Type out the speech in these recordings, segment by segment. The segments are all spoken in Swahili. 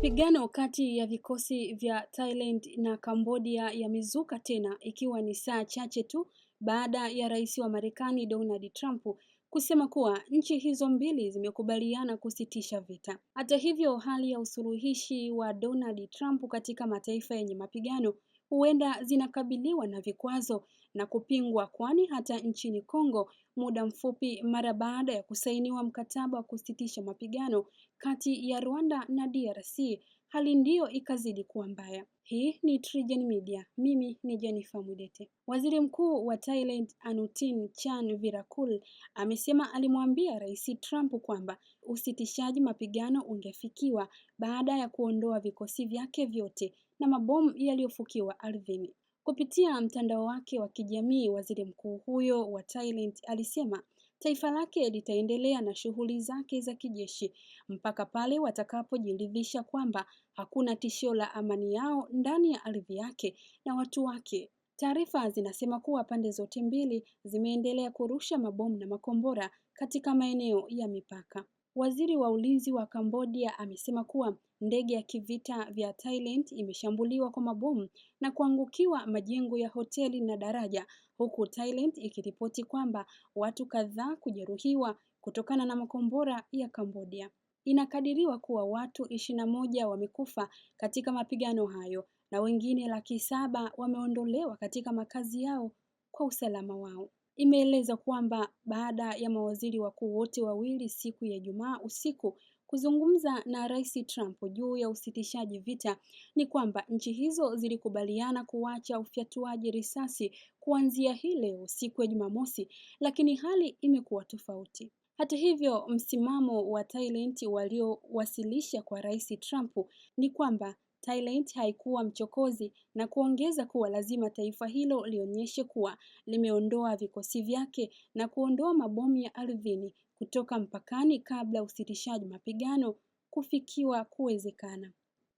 Mapigano kati ya vikosi vya Thailand na Cambodia yamezuka tena ikiwa ni saa chache tu baada ya Rais wa Marekani Donald Trump kusema kuwa nchi hizo mbili zimekubaliana kusitisha vita. Hata hivyo, hali ya usuluhishi wa Donald Trump katika mataifa yenye mapigano huenda zinakabiliwa na vikwazo na kupingwa, kwani hata nchini Kongo, muda mfupi mara baada ya kusainiwa mkataba wa kusitisha mapigano kati ya Rwanda na DRC, hali ndiyo ikazidi kuwa mbaya. Hii ni Trigen Media. Mimi ni Jennifer Mudete. Waziri Mkuu wa Thailand Anutin Chan Virakul amesema alimwambia Rais Trump kwamba usitishaji mapigano ungefikiwa baada ya kuondoa vikosi vyake vyote na mabomu yaliyofukiwa ardhini. Kupitia mtandao wake wa kijamii, waziri mkuu huyo wa Thailand alisema taifa lake litaendelea na shughuli zake za kijeshi mpaka pale watakapojiridhisha kwamba hakuna tishio la amani yao ndani ya ardhi yake na watu wake. Taarifa zinasema kuwa pande zote mbili zimeendelea kurusha mabomu na makombora katika maeneo ya mipaka. Waziri wa ulinzi wa Kambodia amesema kuwa ndege ya kivita vya Thailand imeshambuliwa kwa mabomu na kuangukiwa majengo ya hoteli na daraja, huku Thailand ikiripoti kwamba watu kadhaa kujeruhiwa kutokana na makombora ya Kambodia. Inakadiriwa kuwa watu ishirini na moja wamekufa katika mapigano hayo na wengine laki saba wameondolewa katika makazi yao kwa usalama wao imeeleza kwamba baada ya mawaziri wakuu wote wawili siku ya Ijumaa usiku kuzungumza na Rais Trump juu ya usitishaji vita ni kwamba nchi hizo zilikubaliana kuacha ufyatuaji risasi kuanzia hii leo siku ya Jumamosi, lakini hali imekuwa tofauti. Hata hivyo, msimamo wa Thailand waliowasilisha kwa Rais Trump ni kwamba Thailand haikuwa mchokozi na kuongeza kuwa lazima taifa hilo lionyeshe kuwa limeondoa vikosi vyake na kuondoa mabomu ya ardhini kutoka mpakani kabla usitishaji mapigano kufikiwa kuwezekana.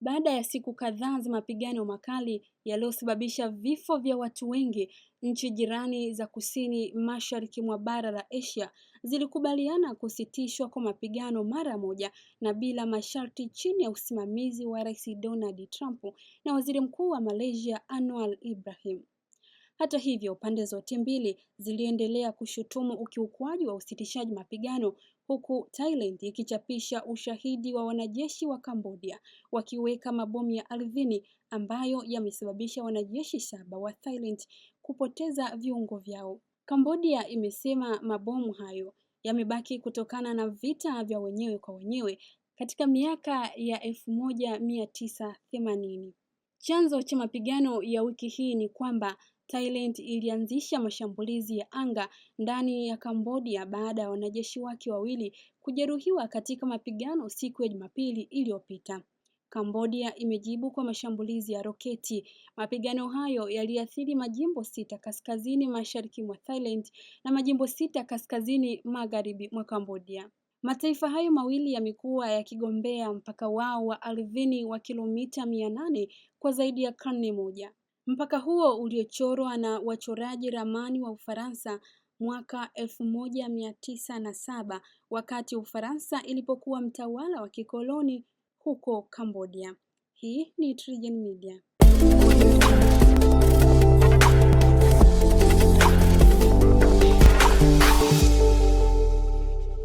Baada ya siku kadhaa za mapigano makali yaliyosababisha vifo vya watu wengi, nchi jirani za kusini mashariki mwa bara la Asia zilikubaliana kusitishwa kwa mapigano mara moja na bila masharti chini ya usimamizi wa Rais Donald Trump na Waziri Mkuu wa Malaysia Anwar Ibrahim. Hata hivyo, pande zote mbili ziliendelea kushutumu ukiukwaji wa usitishaji mapigano huku Thailand ikichapisha ushahidi wa wanajeshi wa Cambodia wakiweka mabomu ya ardhini ambayo yamesababisha wanajeshi saba wa Thailand kupoteza viungo vyao. Cambodia imesema mabomu hayo yamebaki kutokana na vita vya wenyewe kwa wenyewe katika miaka ya elfu moja mia tisa themanini. Chanzo cha mapigano ya wiki hii ni kwamba Thailand ilianzisha mashambulizi ya anga ndani ya Cambodia baada ya wanajeshi wake wawili kujeruhiwa katika mapigano siku ya Jumapili iliyopita. Cambodia imejibu kwa mashambulizi ya roketi. Mapigano hayo yaliathiri majimbo sita kaskazini mashariki mwa Thailand na majimbo sita kaskazini magharibi mwa Cambodia. Mataifa hayo mawili yamekuwa yakigombea mpaka wao wa ardhini wa kilomita mia nane kwa zaidi ya karne moja. Mpaka huo uliochorwa na wachoraji ramani wa Ufaransa mwaka elfu moja mia tisa na saba wakati Ufaransa ilipokuwa mtawala wa kikoloni huko Cambodia. Hii ni TriGen Media.